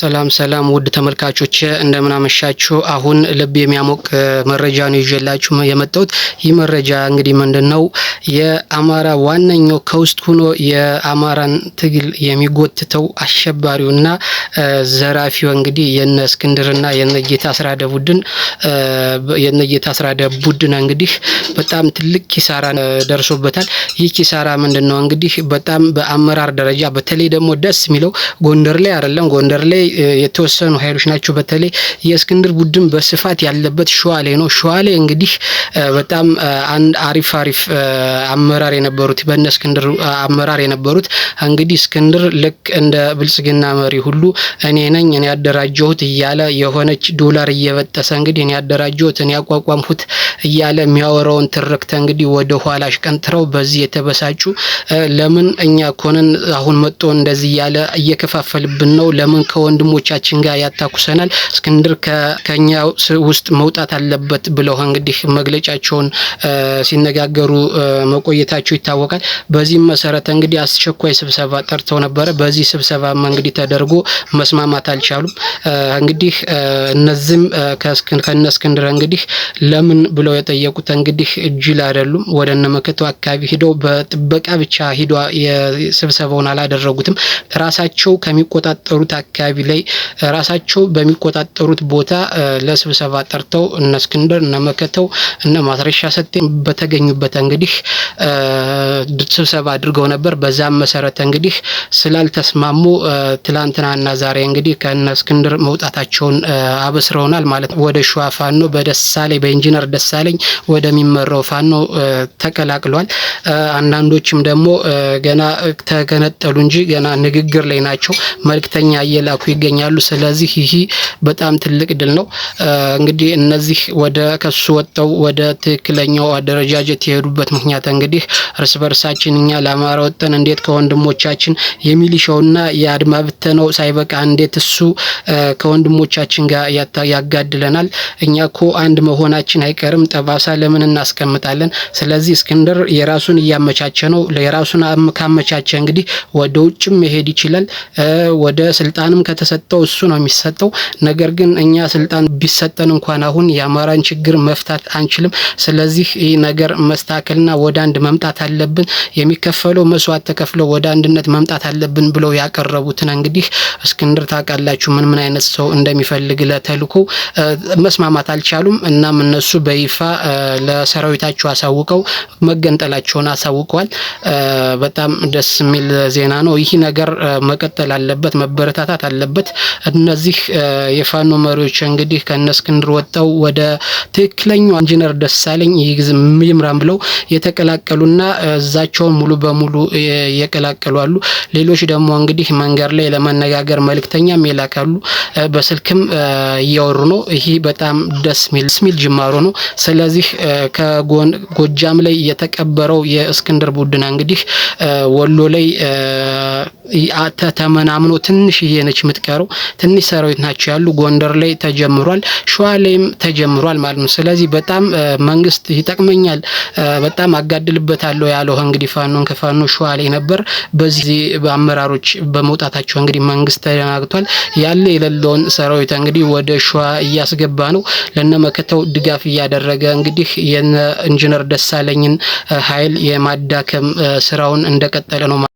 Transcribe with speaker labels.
Speaker 1: ሰላም ሰላም ውድ ተመልካቾች እንደምን አመሻችሁ። አሁን ልብ የሚያሞቅ መረጃ ነው ይዤላችሁ የመጣሁት። ይህ መረጃ እንግዲህ ምንድን ነው? የአማራ ዋነኛው ከውስጥ ሆኖ የአማራን ትግል የሚጎትተው አሸባሪውና ዘራፊው እንግዲህ የነ እስክንድርና የነጌታ አስራደ ቡድን የነጌታ አስራደ ቡድን እንግዲህ በጣም ትልቅ ኪሳራ ደርሶበታል። ይህ ኪሳራ ምንድን ነው እንግዲህ በጣም በአመራር ደረጃ በተለይ ደግሞ ደስ የሚለው ጎንደር ላይ አይደለም ጎንደር ላይ ላይ የተወሰኑ ኃይሎች ናቸው። በተለይ የእስክንድር ቡድን በስፋት ያለበት ሸዋ ላይ ነው። ሸዋ ላይ እንግዲህ በጣም አንድ አሪፍ አሪፍ አመራር የነበሩት በነ እስክንድር አመራር የነበሩት እንግዲህ እስክንድር ልክ እንደ ብልጽግና መሪ ሁሉ እኔ ነኝ እኔ ያደራጀሁት እያለ የሆነች ዶላር እየበጠሰ እንግዲህ እኔ ያደራጀሁት እኔ ያቋቋምሁት እያለ የሚያወራውን ትርክተ እንግዲህ ወደ ኋላ አሽቀንጥረው በዚህ የተበሳጩ ለምን እኛ ኮንን አሁን መጥቶ እንደዚህ እያለ እየከፋፈልብን ነው ለምን ከሆነ ወንድሞቻችን ጋር ያታኩሰናል። እስክንድር ከኛ ውስጥ መውጣት አለበት ብለው እንግዲህ መግለጫቸውን ሲነጋገሩ መቆየታቸው ይታወቃል። በዚህም መሰረት እንግዲህ አስቸኳይ ስብሰባ ጠርተው ነበረ። በዚህ ስብሰባ እንግዲህ ተደርጎ መስማማት አልቻሉም። እንግዲህ እነዚህም ከነ እስክንድር እንግዲህ ለምን ብለው የጠየቁት እንግዲህ እጅል አይደሉም። ወደ ነመከቱ አካባቢ ሂደው በጥበቃ ብቻ ሂዷ የስብሰባውን አላደረጉትም። ራሳቸው ከሚቆጣጠሩት አካባቢ ላይ ራሳቸው በሚቆጣጠሩት ቦታ ለስብሰባ ጠርተው እነ እስክንድር እነ መከተው እነ ማስረሻ ሰጤ በተገኙበት እንግዲህ ስብሰባ አድርገው ነበር። በዛም መሰረተ እንግዲህ ስላልተስማሙ ትላንትናና ዛሬ እንግዲህ ከእነ እስክንድር መውጣታቸውን አበስረውናል ማለት ነው። ወደ ሸዋ ፋኖ በደሳሌ በኢንጂነር ደሳለኝ ወደሚመራው ፋኖ ተቀላቅሏል። አንዳንዶችም ደግሞ ገና ተገነጠሉ እንጂ ገና ንግግር ላይ ናቸው። መልክተኛ እየላኩ ይገኛሉ። ስለዚህ ይህ በጣም ትልቅ ድል ነው። እንግዲህ እነዚህ ወደ ከሱ ወጥተው ወደ ትክክለኛው አደረጃጀት የሄዱበት ምክንያት እንግዲህ እርስ በርሳችን እኛ ለአማራ ወጠን እንዴት ከወንድሞቻችን የሚሊሻውና የአድማ ብተነው ሳይበቃ እንዴት እሱ ከወንድሞቻችን ጋር ያጋድለናል? እኛ ኮ አንድ መሆናችን አይቀርም፣ ጠባሳ ለምን እናስቀምጣለን? ስለዚህ እስክንድር የራሱን እያመቻቸ ነው። የራሱን ካመቻቸ እንግዲህ ወደ ውጭም መሄድ ይችላል። ወደ ስልጣንም ከተ የተሰጠው እሱ ነው የሚሰጠው። ነገር ግን እኛ ስልጣን ቢሰጠን እንኳን አሁን የአማራን ችግር መፍታት አንችልም። ስለዚህ ይህ ነገር መስተካከልና ወደ አንድ መምጣት አለብን፣ የሚከፈለው መስዋዕት ተከፍለው ወደ አንድነት መምጣት አለብን ብለው ያቀረቡትን እንግዲህ እስክንድር ታውቃላችሁ ምን ምን አይነት ሰው እንደሚፈልግ ለተልኮ መስማማት አልቻሉም። እናም እነሱ በይፋ ለሰራዊታቸው አሳውቀው መገንጠላቸውን አሳውቀዋል። በጣም ደስ የሚል ዜና ነው። ይህ ነገር መቀጠል አለበት፣ መበረታታት አለበት። አለበት። እነዚህ የፋኖ መሪዎች እንግዲህ ከነ እስክንድር ወጣው ወደ ትክክለኛው ኢንጂነር ደሳለኝ ይምራን ብለው የተቀላቀሉና እዛቸውን ሙሉ በሙሉ የቀላቀሉ አሉ። ሌሎች ደግሞ እንግዲህ መንገድ ላይ ለመነጋገር መልእክተኛም ይላካሉ፣ በስልክም እያወሩ ነው። ይሄ በጣም ደስ ሚል ጅማሮ ነው። ስለዚህ ከጎጃም ላይ የተቀበረው የእስክንድር ቡድና እንግዲህ ወሎ ላይ ተመናምኖ ትንሽ ነች የምትቀሩ ትንሽ ሰራዊት ናቸው ያሉ ጎንደር ላይ ተጀምሯል፣ ሸዋ ላይም ተጀምሯል ማለት ነው። ስለዚህ በጣም መንግስት ይጠቅመኛል፣ በጣም አጋድልበታለሁ ያለው እንግዲህ ፋኖን ከፋኖ ሸዋ ላይ ነበር። በዚህ አመራሮች በመውጣታቸው እንግዲህ መንግስት ተደናግቷል። ያለ የሌለውን ሰራዊት እንግዲህ ወደ ሸዋ እያስገባ ነው። ለነመከተው ድጋፍ እያደረገ እንግዲህ የነ ኢንጂነር ደሳለኝን ኃይል የማዳከም ስራውን እንደቀጠለ ነው።